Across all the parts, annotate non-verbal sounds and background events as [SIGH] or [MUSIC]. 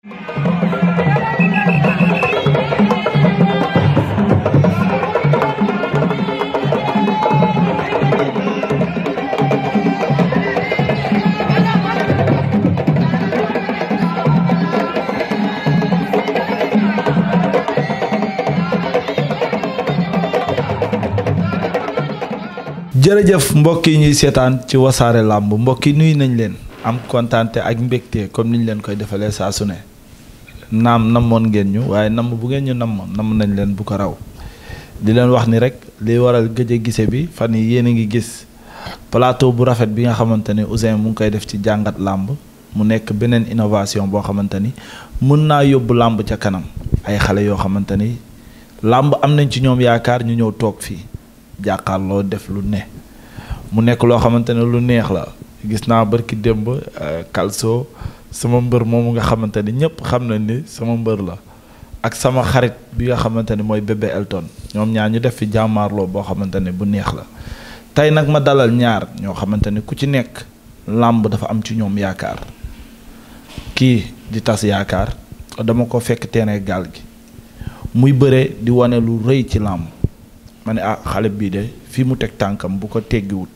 jërëjëf mbokk yi ñuy seetaan ci wasaare làmb mbokk yi nuyu nañ leen am kontaante ak mbégte comme niñ leen koy defalee saa su ne naam namoon ngeen ñu waaye nam bu ngeen ñu nam nam nañ leen bu ko raw di leen wax ni rek li waral gëj gise bi fan yi yéen a ngi gis plateau bu rafet bi nga xamante ni Ouzin mu ngi koy def ci jàngat làmb mu nekk beneen innovation boo xamante ni mën naa yóbbu làmb ca kanam ay xale yoo xamante ni làmb am nañ ci ñoom yaakaar ñu ñëw toog fii jàkkaarloo def lu ne mu nekk loo xamante ne lu neex la gis naa barki démb kalso euh, sama mbër moomu nga xamante ni ñëpp xam nañ ni sama mbër la ak sama xarit bi nga xamante ni mooy bébé Elton ñoom ñaar ñu def fi jàmmaarloo boo xamante ne bu neex la tey nag ma dalal ñaar ñoo xamante ni ku ci nekk làmb dafa am ci ñoom yaakaar kii di tas yaakaar dama ko fekk teene gaal gi muy bëre di wane lu rëy ci làmb ma ne ah xale bii de fii mu teg tànkam bu ko teggiwut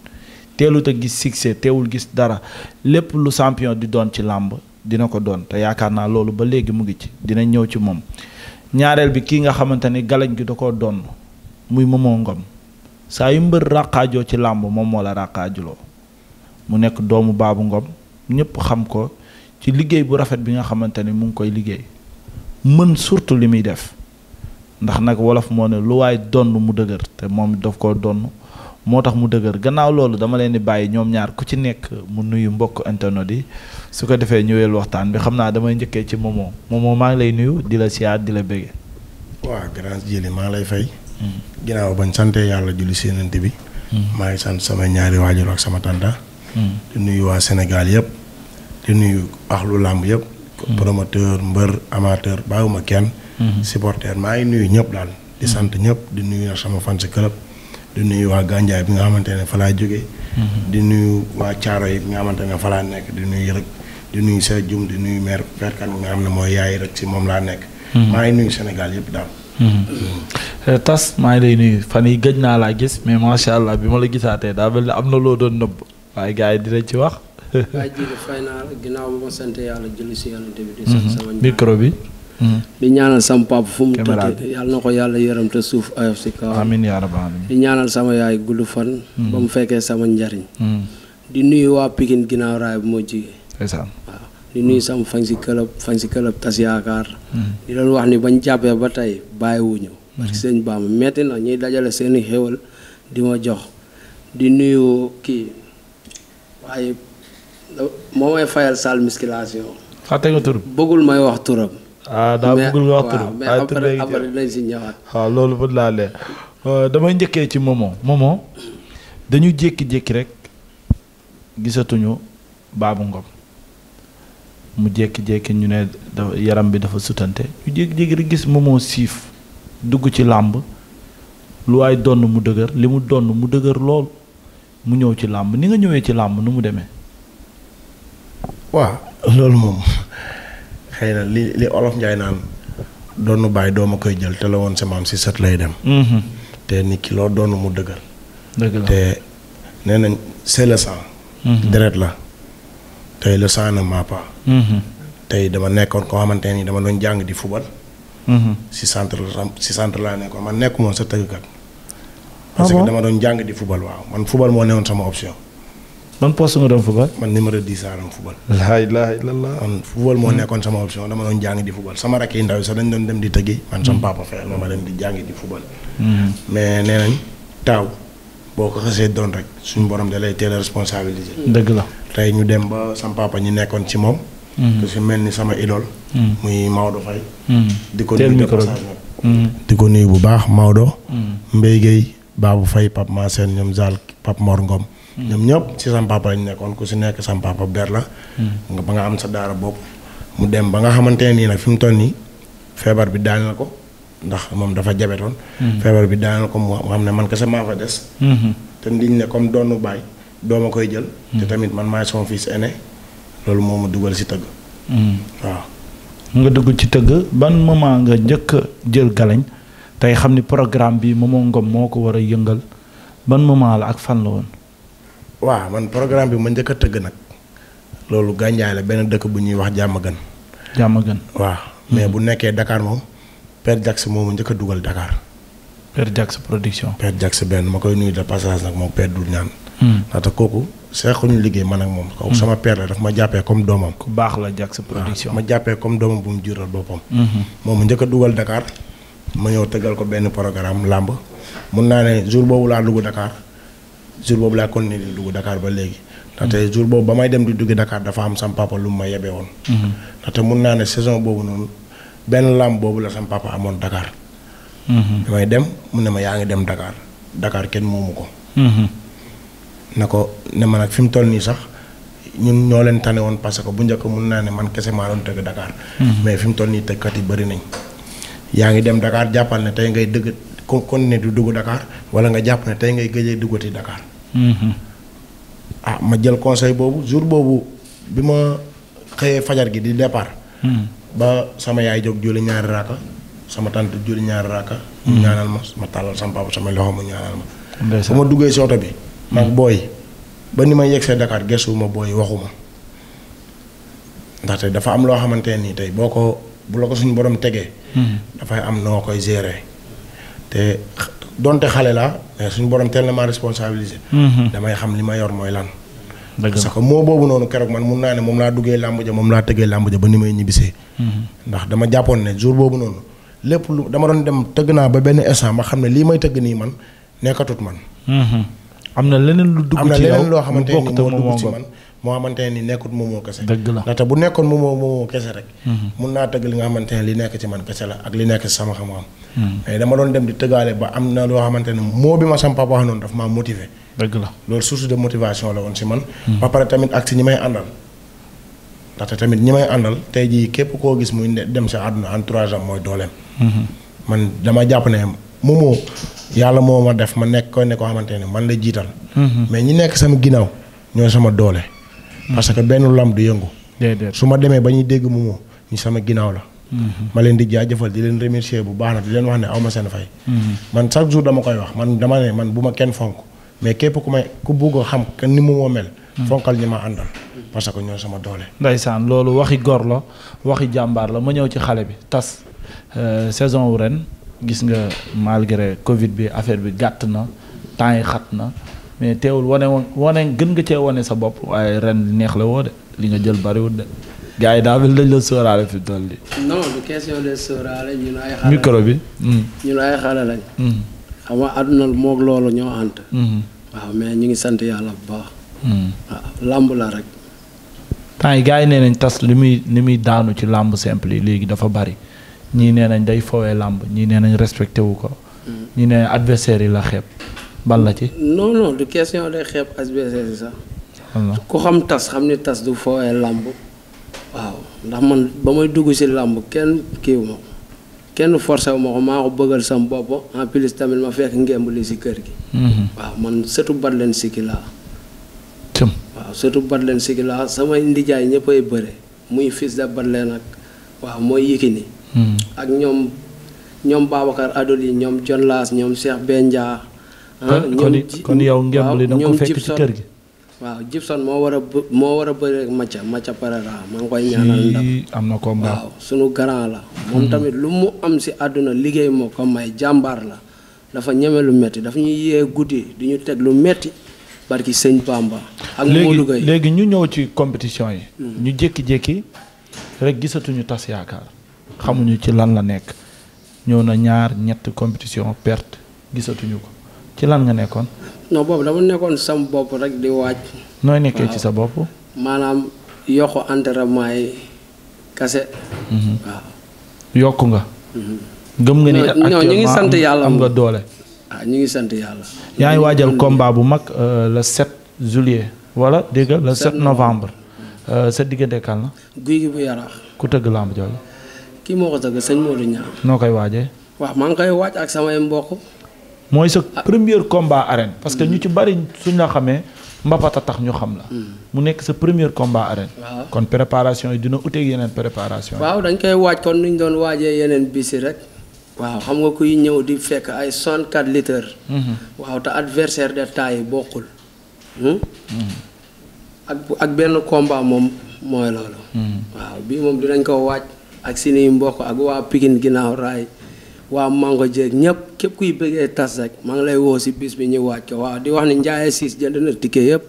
teelut a gis succès teewul gis dara lépp lu sampiyon di doon ci làmb dina ko doon te yaakaar naa loolu ba léegi mu ngi ci dina ñëw ci moom ñaareel bi kii nga xamante ni galañ gi da koo doon muy Momo Ngom saa yu mbër ràqaajoo ci làmb moom moo la ràqaajuloo mu nekk doomu Baabu Ngom ñëpp xam ko ci liggéey bu rafet bi nga xamante ni mu ngi koy liggéey mën surtout li muy def ndax nag wolof moo ne lu waay donn mu dëgër te moom daf koo donn moo tax mu dëgër gannaaw loolu dama leen di bàyyi ñoom ñaar ku ci nekk mu nuyu mbokk internet yi su ko defee ñëweel waxtaan bi xam naa damay njëkkee ci Momo Momo maa ngi lay nuyu di la siyaat di la bége. waa grâce jëli maa lay fay. Hmm. ginnaaw bañ sante yàlla julli séenante bi. Hmm. maa ngi sant sama ñaari waajur ak sama tànta. Hmm. di nuyu waa Sénégal yëpp. di nuyu axlu làmb yëpp. promoteur mbër amateur bàyyiwuma kenn. supporter maa ngi nuyu ñëpp daal. di sant ñëpp di nuyu nag sama fan si club. di nuyu waa Gandiaye bi nga xamante ne fa laa mm-hmm. di nuyu waa Caaro yi bi nga xamante ne fa nekk di nuyu rek di nuyu sa jum di meer maire perkan bi nga xam ne mooy yaay rek si moom laa nekk. Mm-hmm. maa ngi nuyu Sénégal yëpp daal. Mm-hmm. Eh, tas maa ngi lay nuyu fan yi gëj naa laa gis mais macha allah bi ma la gisaatee daa mel ne am na loo doon nëbb waaye gars yi di dinañ ci wax. [LAUGHS] waaye jërëjëf ginnaaw ma sant si yàlla. micro bi. di ñaanal sama papa fu mu tëdd yàlla na ko yàlla yërëm suuf ayof si kaw amiin di ñaanal sama yaay gudd fan mm. ba mu fekkee sama njariñ mm. di nuyu waa Pikine ginnaaw raay bu ma jigee di nuyu sama fañ si këlëb fañ si këlëb tas yaakaar mm. di leen wax ni bañ jàppee ba tey bàyyiwuñu parce que sëñ metti na ñuy dajale seeni xéwal di ma jox di nuyu kii waaye moo may fayal salle musculation. bëggul may wax turam ah daa bëggul nga wax waaw ah, ah, loolu bu laa leer euh, damay njëkkee ci Momo Momo dañu jékki-jékki rek gisatuñu Babou Ngom mu jékki-jékki ñu ne dafa yaram bi dafa sutante ñu jékki-jékki rek gis Momo siif dugg ci làmb lu waay donn mu dëgër li mu donn mu dëgër lool mu ñëw ci làmb ni nga ñëwee ci làmb nu mu demee. waaw loolu moom. xëy na li li olof njaay naan doonu bàyyi ma koy jël te la woon sa maam si sët lay dem. Mm-hmm. te nit ki doonu mu dëgër. dëgg la te nee nañ c'est le sang. Mm-hmm. deret la tey le sang ne ment pas. Mm-hmm. tey dama nekkoon koo xamante ne dama doon jàng di fubal. si centre si laa nekkoon man nekkumoon sa tëggkat. Ah parce que dama doon jàng di fubal waaw man fubal moo newoon sama option. ban poste nga doon football. man numéro 10 laa doon football. laa ilaaha illallah. man football moo nekkoon sama option dama doon jàng di football sama rakk yi ndaw yi sax dañ doon dem di tëggi. man sama mm. papa fayal ma ma dem di jàngi di football. Mm. mais nee nañ taaw boo ko xasee doon rek suñu borom da lay teel a dëgg la tey ñu dem ba sama papa ñi nekkoon ci moom. que mm. su mel ni sama idole. muy Maodo Faye. di di ko nuyu bu baax Maodo. Mbaye Guèye Babou ñoom ñëpp ci sama papa lañ nekkoon ku si nekk sama papa ber la. Hmm. nga ba nga am sa daara bopp. mu dem ba nga xamante ne nii nag fi mu toll nii feebar bi daal na ko ndax moom dafa jabetoon. Hmm. feebar bi daal na ko mu xam ne man kese maa fa des. Hmm. te ndiñ ne comme doonu baay ma koy jël. te tamit man maay sama fils aîné loolu moo ma dugal si tëgg. waaw. nga dugg ci tëgg ban moment nga njëkk jël galañ tey xam ni programme bi Momo Ngom moo ko war a yëngal ban moment la ak fan la woon. waaw man programme bi ma njëkk a tëgg nag loolu gànjaay la benn dëkk bu ñuy wax jàmm gën. jàmm gën waa mais hmm. bu nekkee Dakar moom Père Jax moomu njëkk a dugal Dakar. Père Jax production. Père benn ma koy nuyu de passage nag moom Père Dul ñaan. Hmm. ndaxte kooku seexuñu liggéey man ak moom. kooku hmm. sama père daf ma jàppee comme doomam. ku baax la Jax production ma jàppee comme doomam bu mu jural boppam. moom njëkk dugal Dakar ma ñëw tëggal ko benn programme làmb mun naa ne jour boobu laa dugg Dakar. jour boobu laa continué di dugg Dakar ba léegi. ndaxte mm-hmm. jour boobu ba may dem di dugg Dakar dafa am sama papa lu mu ma yebee woon. Mm-hmm. ndaxte mun naa ne saison boobu noonu benn làmb boobu la sama papa amoon Dakar. damay mm-hmm. dem mu ne ma yaa ngi dem Dakar Dakar kenn moomu ko. na ko ne ma nag fi mu toll nii sax ñun ñoo leen tane woon parce bu njëkk mun naa ne man kese maa doon tëgg Dakar. mais fi toll nii tëggkat yi bëri nañ. yaa ngi dem Dakar jàppal ne tey ngay kon kon ne du dugg Dakar wala nga jàpp ne tey ngay gëjee duggati Dakar. Mm-hmm. ah ma jël conseil boobu jour boobu bi ma xëyee fajar gi di départ. Mm-hmm. ba sama yaay jóg julli ñaari raaka sama tante julli ñaari raaka. mu mm-hmm. ñaanal ma ma tàllal sama papa sama loxo mu ñaanal ma. ndeysaan bu ma duggee si bi. mag booy ba ni ma yegsee Dakar ma booy waxuma. ndaxte dafa am loo xamante nii tey boo ko bu la ko suñu borom tegee. dafay am noo koy gérer. te donte xale laa mais suñu borom ma na maa responsabilisé. Mhm. damay xam li ma yor mooy lan. parce que moo boobu noonu keroog man mun naa ne moom laa duggee làmb ja moom laa tëggee làmb ja ba ni may ñibbisee. Mhm. ndax dama jàppoon ne jour boobu noonu lépp lu dama doon dem tëgg naa ba benn instant ma xam ne lii may tëgg nii man nekkatut man. Mhm. am na leneen lu dugg ci yow am na leneen loo xamante ni moo dugg ci man. moo xamante ne ni nekkut moomoo kese. dëgg la ndaxte bu nekkoon moomoo moomoo kese rek. Mm-hmm. mun naa tëgg li nga xamante ne li nekk ci man kese la ak li nekk ci sama xam-xam. Mm-hmm. mais dama doon dem di tëggaale ba am na loo xamante ne moo bi ma sama papa wax noonu daf maa motiver. la loolu source de motivation la woon si man. Mm-hmm. ba ñi may àndal. ndaxte tamit képp koo gis muy dem sa àdduna entourage am mooy dooleem. man dama jàpp ne moomoo yàlla moo ma def ma nekk koy ne koo xamante ne man la jiital. mais ñi nekk sama ginnaaw ñooy sama doole. parce que benn lamb du yëngu. su ma demee ba ñuy dégg mu ñu sama ginnaaw la. Mhm. ma leen di jaajëfal di leen remercier bu baax na di leen wax ne aw ma seen fay. Mhm. man chaque jour dama koy wax man dama ne man bu ma kenn fonk mais képp ku may ku bugg a xam ni mu moo mel. Mhm. fonkal ñi ma àndal. parce que ñoo sama doole. ndeysaan loolu waxi gor la waxi jàmbaar la ma ñëw ci xale bi tas euh, saison wu ren gis nga malgré Covid bi affaire bi gàtt na temps yi xat na. mais teewul wane wane gën nga cee wane sa bopp waaye ren neex la woo de li nga jël bariwul de gars yi daa mel dañ la sóoraale fi toll nii. non du question de sóoraale ñun ay. xale micro bi. Hmm. ñun ay xale lañ. Hmm. xam àdduna moog loolu ñoo ànd. Hmm. waaw mais ñu ngi sant yàlla bu baax. làmb la rek. temps yi gars yi nee nañ tas li muy li muy daanu ci làmb simple yi léegi dafa bari ñii nee nañ day fowee làmb ñii nee nañ respecté wu ko. ñii nee nañ yi la xeeb. bal la ci. non non du question day xeeb HBCC sax. ku xam tas xam ni tas du fooyee làmb waaw ndax man ba may dugg si làmb kenn kiiwu ma kenn forcé wu ma ko maa ko bëggal sam bopp en plus tamit ma fekk ngemb li si kër gi. Mhm. waaw man sëtu bat leen sikki laa. waaw sëtu bat leen sikki laa samay ndijaay ñëpp bëre muy fils de bat leen ak waaw mooy Yékini. Mhm. ak ñoom ñoom Babacar Adoli ñoom John Lass ñoom Cheikh Benja. Ah, ñoom kon yow ngemb li da nga ko fekk ci kër gi. waaw Gibson moo war a moo war a bëri ak Macha Macha Parara maa ngi koy ñaanal ndam am na combat waaw sunu grand la. moom mhm. tamit lu mu am si àdduna liggéey moo ko may jàmbaar la dafa ñeme lu metti dafa ñuy yee guddi di ñu teg lu metti barki sëñ Bamba. ak Modou Gueye léegi ñu ñëw ci compétition yi. Mhm. ñu jékki-jékki rek gisatuñu tas yaakaar xamuñu ci lan la nekk ñëw na ñaar ñett compétition perte gisatuñu ko. ci lan nga nekkoon. non boobu dama nekkoon sam bopp rek di waaj. nooy nekkee ci sa bopp. maanaam yokk entraînement yi kase. Mhm. yokk nga. Mhm. gëm nga ni actuellement ñu sant yàlla am nga doole. ah ñu ngi sant yàlla. yaa ngi waajal combat bu mag euh, le 7 juillet wala dégg le 7 novembre. Euh, sa diggante kan la. guy gi bu yaraax. ku tëgg làmb jooju. kii moo ko tëgg sëñ Modou Niang. noo koy waajee. waaw maa ngi koy waaj ak samay mbokk. mooy sa premier combat arène. parce que ñu ci bari suñ la xamee mbapata tax ñu xam la. mu nekk sa premier combat arène. kon préparation yi dina uteeg yeneen préparation waaw dañ koy waaj kon nuñ doon waajee yeneen bisi rek. waaw xam nga kuy ñëw di fekk ay 64 litres. Mhm. waaw te adversaire de taille bokkul. Hmm? Mhm. ak benn combat moom mooy loolu. Mhm. waaw bii moom dinañ ko waaj ak suñuy mbokk ak waa Pikine ginnaaw raay. waa mango jeeg ñëpp képp kuy bëggee tas rek maa ngi lay woo si bis bi ñu waaj waaw di wax ni Ndiaye siis jënd na tikke yëpp.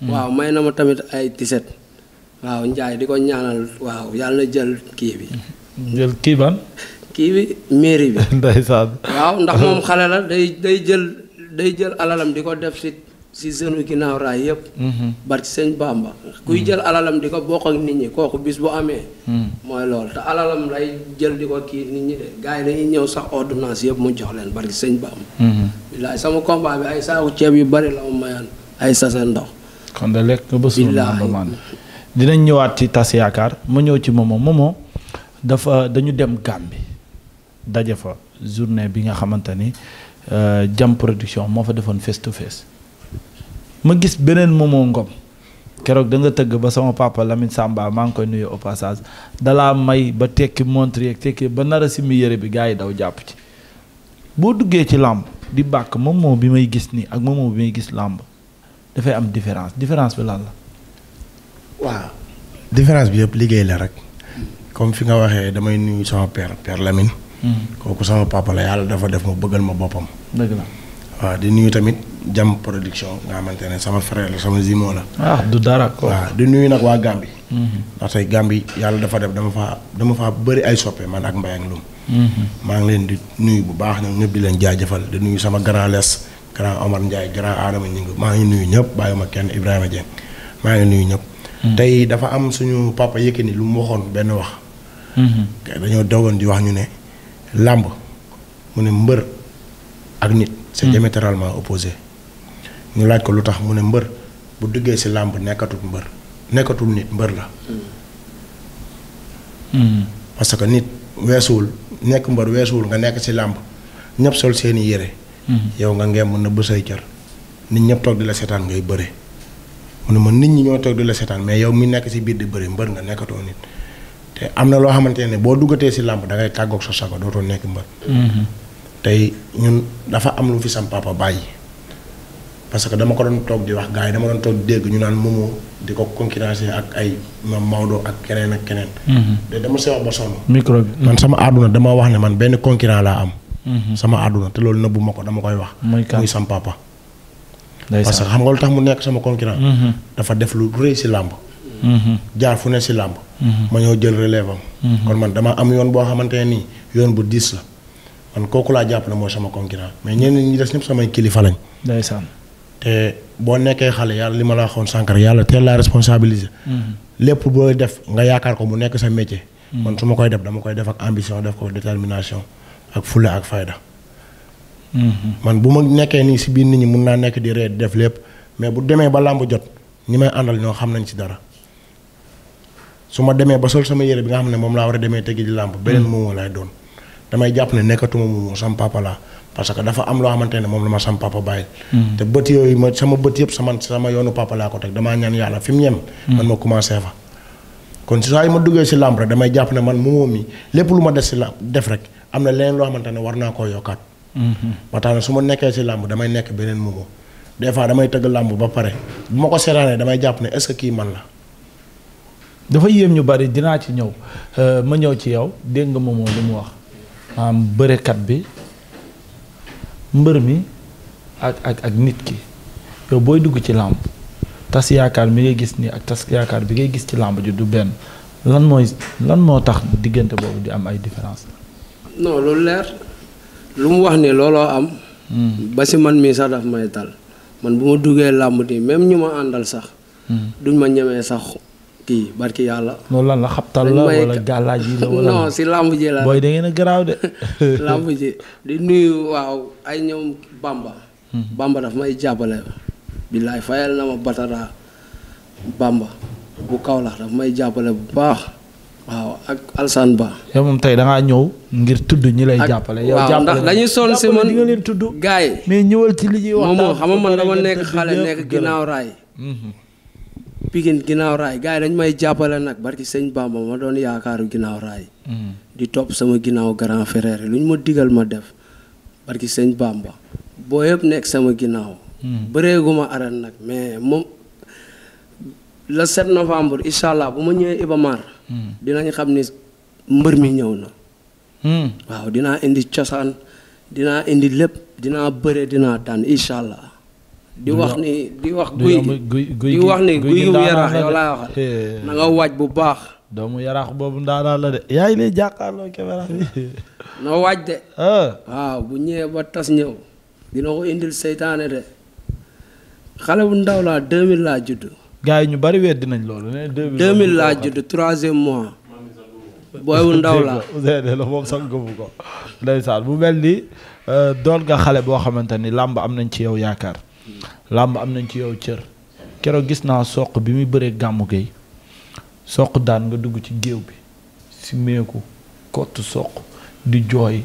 Hmm. waaw may na ma tamit ay tiset. waaw Ndiaye di ko ñaanal waaw yàlla na jël kii bi. Hmm. jël kii ban. kii bi mairie bi. [LAUGHS] ndeysaan. waaw ndax moom xale la day day jël day jël alalam di ko def si. si jeune ginnaaw raay yëpp. Mhm. barki sëñ Bamba. kuy mhm. jël alalam di ko bokk ak nit ñi kooku bis bu amee. Mhm. mooy loolu te alalam lay jël di ko kii nit ñi de gars yi dañuy ñëw sax ordonnance yëpp mu jox leen barki sëñ Bamba. billaay sama combat bi ay saaku ceeb yu bari la mu mayaan ay sase ndox. kon da lekk ba suur dinañ ñëwaat ci tas yaakaar ma ñëw ci momo momo dafa dañu dem Gàmbi daje fa journée bi nga xamante ni euh, jam production moo fa defoon face to face. ma gis beneen Momo Ngom keroog da tëgg ba sama papa Lamine Samba maa ngi koy nuyu au dalaa may ba tekki montre yeeg tekki ba nar a simi yére bi gaa yi daw jàpp ci boo duggee ci làmb di bàkk Momo bi may gis nii ak Momo bi may gis làmb dafay am différence différence bi lan la. waaw bi yëpp liggéey la rek comme fi nga waxee damay nuyu sama père père Lamine. Hmm. kooku sama papa la yàlla dafa def ma bëggal ma boppam. dëgg la waaw di nuyu jam production nga xamante ne sama frère la sama zimo la. ah du dara ko di nuyu nag waa Gàmbi. Mhm. ndax tey Gàmbi yàlla dafa def dama faa dama faa bëri ay soppe man ak Mbaye ak Loum. Mhm. maa ngi leen di nuyu bu baax ñoom ñëpp di leen jaajëfal di nuyu sama grand les grand Omar Ndiaye grand Adama maa ngi nuyu ñëpp bàyyiwuma kenn Ibrahima Dieng maa ngi nuyu ñëpp. Mhm. tey dafa am suñu papa Yékini lu mu waxoon benn wax. dañoo dogoon di wax ñu ne làmb mu ne mbër ak nit. c'est diamétralement opposé ñu laaj ko lu tax mu ne mbër bu duggee si làmb nekkatul mbër nekkatul nit mbër la. Hmm. parce que nit weesuwul nekk mbër weesuwul nga nekk ci làmb ñëpp sol seeni yére. Hmm. yow nga ngeen mën na bësay cër nit ñëpp toog di la seetaan ngay bëre. mu ne ma nit ñi ñoo toog di la seetaan mais yow mi nekk ci biir di bëre mbër nga nekkatoo nit te am na loo xamante ne boo duggatee si làmb dangay ngay tàggoog sa dootoo nekk mbër. Hmm. tey ñun dafa am lu fi sam bàyyi. parce que dama ko doon toog di wax gars yi dama doon toog dégg ñu naan Momo di ko concurrencer ak ay Maodo ak keneen ak keneen. Mhm. dama see wax ba sonn. micro man sama àdduna dama wax ne man benn concurrent laa am. Mhm. sama àdduna te loolu nëbbu ko dama koy wax. muy sam papa. parce que xam nga lu tax mu nekk sama concurrent. Mhm. dafa def lu rëy si làmb. jaar fu ne si làmb. ma ñëw jël relève am. kon man dama am yoon boo xamante ne nii yoon bu diis la man kooku laa jàpp ne mooy sama concurrent mais ñenn ñi des te boo nekkee xale yàlla li ma la waxoon sànq yàlla teel la responsabiliser. Mm-hmm. lépp booy def nga yaakaar ko mu nekk sa métier. Mm-hmm. man su ma koy def dama koy def ak ambition def ko détermination ak fulla ak fayda. Mm-hmm. man bu ma nekkee nii si biir nit ñi mun naa nekk di ree di def lépp mais bu demee ba làmb jot ñi may àndal ñoo xam nañ si dara su ma demee ba sol sama yére bi nga xam ne moom laa war a demee tegi di làmb beneen moom laay doon damay jàpp ne nekkatuma moomoo parce que dafa am loo xamante ne moom la ma sama papa bàyyi. Hmm. te bët yooyu ma sama bët yëpp sama yoonu papa laa ko teg damaa ñaan yàlla fi yem. Hmm. man ma commencé fa. kon saa yu ma duggee si làmb rek damay jàpp ne man moomoo mi lépp lu ma des si la def rek am na leneen ne war naa koo yokkaat. Hmm. ba tax na su ma nekkee si làmb damay nekk beneen moomoo des fois damay tëgg làmb ba pare bu ma ko seetaanee damay jàpp ne est-ce que kii man la. dafa yéem ñu bari dinaa ci ñëw euh, ma ñëw ci yow dégg nga moomoo li mu wax maanaam bërekat bi. mbër mi ak ak ak nit ki yow booy dugg ci làmp tas yaakaar mi gis nii ak tas yaakaar bi ngay gis ci làmb ji du benn lan mooy lan moo tax diggante boobu di am ay différence non lu leer lu mu wax ni looloo am hmm. ba si man mii sax daf may dal man bu ma duggee làmb di même ñu ma àndal sax hmm. duñ ma ñemee sax kii barki yàlla. loolu la xabtal la wala gàllaaj yi la wala non si làmb ji la booy da ngeen a garaaw de. [LAUGHS] làmb di nuyu waaw ay ñoom Bamba. Hmm. Bamba daf may jàppale. billaay fayal na ma batara Bamba bu kaw la daf may jàppale bu baax. waaw ak Alsane Ba. yow moom tey da ngaa ñëw ngir tudd ñi lay jàppale. yow jàppale ndax dañuy sonn si man gaa yi mais ñëwal ci li ñuy moom xam nga man dama nekk xale nekk ginnaaw raay. Hmm. Pikine ginnaaw raay gars yi dañ may jàppale nag barki sëñ Bamba ma doon yaakaaru ginnaaw raay. Mm. di topp sama ginnaaw grand frère lu ñu ma digal ma def barki sëñ ba boo yëpp nekk sama ginnaaw. Mm. bëreeguma arène nag mais moom le 7 novembre incha allah bu ma ñëwee Ibamar. Mm. dinañ xam ni mbër mi ñëw na. waaw dinaa indi cosaan dinaa indi lépp dinaa bëre dinaa daan incha allah. di wax ni di wax guy di wax ni guy yu yaraax yow laa wax na nga waaj bu baax. doomu yaraax boobu ndaanaan la de. yaa ngi lay jàkkaarloo caméra bi. [LAUGHS] na waaj de. [LAUGHS] Ah. waaw bu ñëwee ba tas ñëw. dina ko indil seytaane de. xale bu ndaw laa 2000 laa judd. gars yi ñu bari weddi nañ loolu ne 2000. 2000 laa judd troisième mois. booy bu ndaw laa [LAUGHS] dégg la moom sax gëmu ko. ndeysaan bu mel ni euh, doon nga xale boo xamante ni làmb am nañ ci yow yaakaar. làmb am nañ ci yow cër keroog gis naa soq bi muy bëree gàmmu gay soq daan nga dugg ci géew bi si meeku kott soq di jooy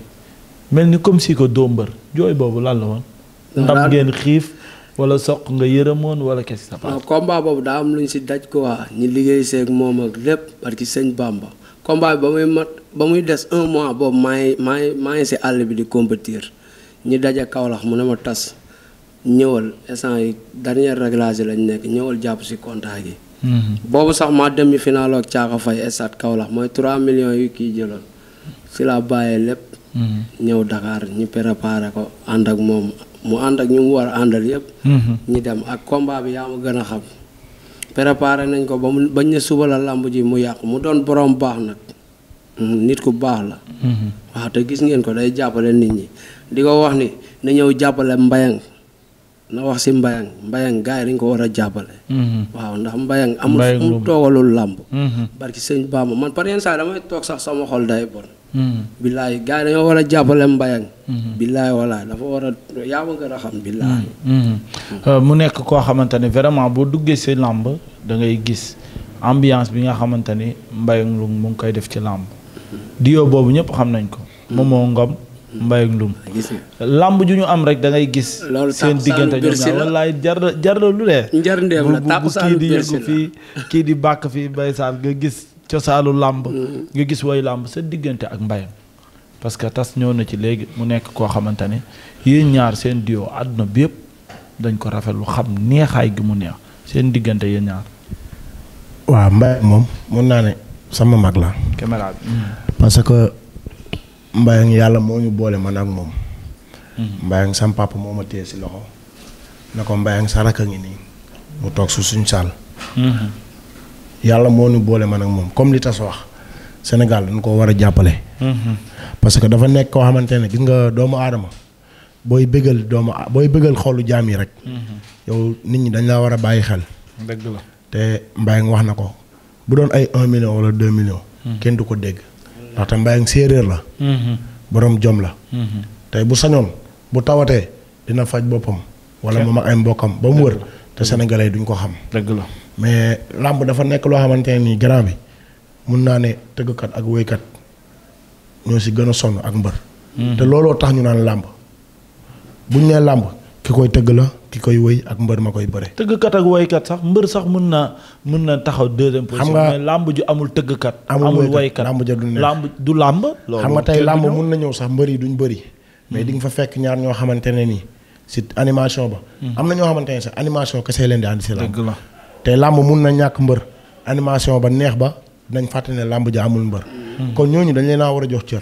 mel ni comme si ko dóombër jooy boobu lan la woon ndam ngeen xiif wala soq nga yërëmoon wala quest sa qui se boobu daa am lu ñu si daj ko waa ñu liggéey seek moom ak lépp parce que sëñ Bamba combat bi ba muy mat ba muy des un mois boobu maa ngi maa ngi si àll bi di compétir ñu daja Kaolack mu ne ma tas ñëwal instant yi dernier réglage lañ nekk ñëwal jàpp si contact yi. Mhm. boobu sax ma demi final ak Caaka Faye stade Kaolack mooy 3 millions yu kii jëloon si la bàyyee lépp. Mhm. ñëw Dakar ñu préparé ko ànd ak moom mu ànd ak ñu mu war a àndal yëpp. Mhm. ñu dem ak combat bi yaa ma gën a xam. préparé nañ ko ba mu bañ ne suba la làmb ji mu yàqu mu doon borom baax nag nit ku baax la. waaw te gis ngeen ko day jàppale nit ñi di ko wax ni na ñëw jàppale mbayang na wax si mbayang mbayang gaa yi dañ ko war a jàppale mhm. waaw ndax mbayang amul fu mu toogalul làmb mhm. barki sëñ Bamba man par yenn saa damay toog sax sama xol day bon mhm. billaay gars yi dañoo war a jàppale mbayang billaay walaay dafa war a yaa ma gën a xam billaay euh, mu nekk koo xamante ne vraiment boo duggee si làmb da ngay gis ambiance bi nga xamante ni mbayang lu mu ngi koy def ci làmb diyo boobu ñëpp xam nañ ko moom moo ngom Mbaye ak Loum ah, làmb ju ñu am rek dangay gis. seen diggante ñoom ñaar wallaay jar na lu dee. njar ndeem la taabu kii fii kii di bàkk fii Mbaye Sarr nga gis cosaalu làmb. Mm. nga gis woy làmb sa diggante ak Mbaye. parce que tas ñëw na ci léegi mu nekk koo xamante ne yéen ñaar seen diwo àdduna bi yëpp dañ ko rafetlu xam neexaay gi mu neex seen diggante yéen ñaar. waaw moom mun naa ne sama mag la. caméra bi. Mm. Mbayang yàlla moo ñu boole man ak moom. Hmm. Mbayang sam papa moo ma téye si loxo. na ko Mbayang sa rakk ngi nii. mu toog su suñ saal. Hmm. yàlla moo nu boole man ak moom comme li tas wax. Sénégal dañ ko war a jàppale. Hmm. parce que dafa nekk koo xamante ne gis nga doomu aadama. booy bëggal doomu booy bëggal xolu jaam yi rek. yow nit ñi dañ laa war a bàyyi xel. dëgg la te Mbayang wax na ko. bu doon ay 1 million wala 2 millions. kenn du ko dégg. ndaxte Mbayang séeréer la. Mm-hmm. borom jom la. Mm-hmm. tey bu sañoon bu tawatee dina faj boppam. wala moom ak ay mbokkam ba mu wër. te mm-hmm. sénégalais duñ ko xam. dëgg la mais làmb dafa nekk loo xamante ne nii grand bi mun naa ne tëggkat ak woykat ñoo si gën a sonn ak mbër. te looloo tax ñu naan làmb buñ nee làmb ki koy tëgg la ki koy wëy ak mbër ma koy bëre. tëggkat ak woykat sax mbër sax mën naa mun na taxaw deuxième xam nga làmb ju amul tëggkat. amul woykat làmb ja du neex làmb du làmb. loolu xam nga tey làmb mun na ñëw sax mbër yi duñ bëri. mais hmm. di nga fa fekk ñaar ñoo xamante ne nii si animation ba. Hmm. am na ñoo xamante ne sax animation kese leen di andi si làmb. dëgg la tey làmb mun na ñàkk mbër. animation ba neex ba dañ fàtte ne làmb ja amul mbër. Hmm. kon ñooñu dañ leen naa war a jox cër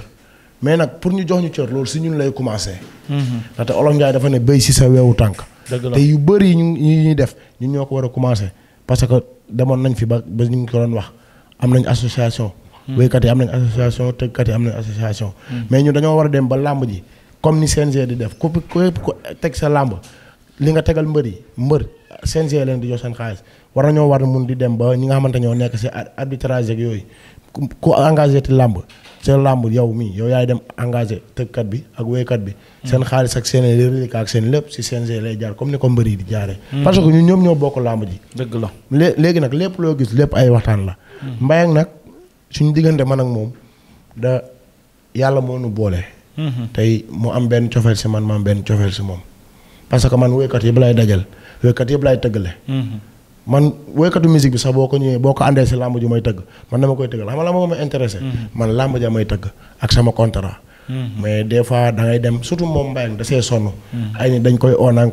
mais nag pour ñu jox ñu cër loolu si ñun lay commencé. Mhm. ndaxte olof Ndiaye dafa ne béy si sa weewu tànk. te yu bëri yi ñu yi ñuy def ñun ñoo ko war a commencé parce que demoon nañ fi ba ba ñu ngi ko doon wax am nañ association. wéykat mhm. yi am nañ association tëggkat yi am nañ association. Mhm. mais ñu dañoo war a dem ba làmb ji comme ni CNG di def ko ku képp ku teg sa làmb li nga tegal mbër yi mbër CNG leen di jox seen xaalis war na ñoo war a mun di dem ba ñi nga xamante ñoo nekk si arbitrage ak yooyu ku engagé te làmb seen làmb yow mii yow yaay dem engagé tëggkat bi ak wéykat bi. seen xaalis ak seen i ak seen lépp si CNG lay jaar comme ni ko mbëri di jaaree. Hmm. parce que ñun ñoom ñoo bokk làmb ji. dëgg léegi nag lépp loo gis lépp ay waxtaan la. Hmm. Mbaye ak nag suñu diggante man ak moom da yàlla moo nu boole. Hmm. tey mu am benn cofeel si man ma benn cofeel si moom. parce man wéykat yëpp lay dajal wéykat yëpp lay tëggale. man woykatu musique bi sax boo ko ñëwee boo ko àndee si làmb ji may tëgg man dama koy tëggal xam nga làmb mm-hmm. man làmb ja may tëgg ak sama contrat. Mm-hmm. mais des fois da ngay dem surtout moom Mbaye da see sonn. Mm-hmm. ay nit dañ koy oo naan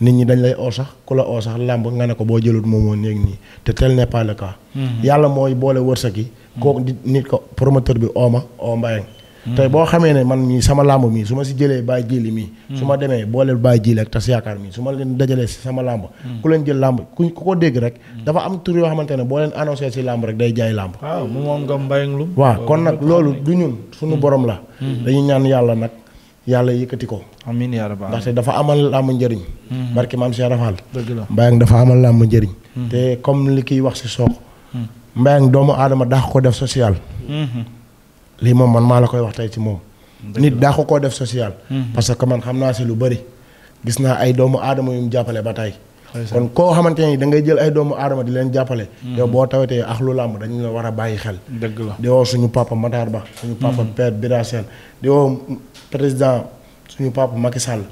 nit ñi dañ lay oo sax ku la oo sax làmb nga ne ko boo jëlut moom moo néeg nii te tel n'est pas le cas. yàlla mooy boole wërsëg yi. ko nit ko promoteur bi on ma oo Mbaye tey boo xamee ne man mii sama làmb mii su ma si jëlee bàyyi jili mii su ma demee booleel bàyyi jili ak tas yaakaar mii su ma leen dajalee si sama làmb ku leen jël làmb ku ku ko dégg rek dafa am tur yoo xamante ne boo leen annoncé si làmb rek day jaay làmb waaw mu moom nga mbayang lu waaw kon nag loolu du ñun suñu borom la dañuy ñaan yàlla nag yàlla yëkkati ko amiin yaa rabbi ndaxte dafa amal làmb njëriñ mhm. barki maam Cheikh Rafal dëgg la mbayang dafa amal làmb njëriñ mhm. te li kiy wax si soox mhm. mbayang doomu aadama daax ko def social lii moom man maa la koy wax tey ci moom. nit daa ko koo def social. Hmm. parce que man xam naa si lu bëri. gis naa ay doomu aadama yu mu jàppale ba tey. kon koo xamante ni da ngay jël ay doomu aadama di leen jàppale. Hmm. yow boo tawetee ak lu làmb dañu la war a bàyyi xel. di woo suñu papa Matar Ba. suñu papa hmm. Père Birasène di woo président suñu papa Macky Sall.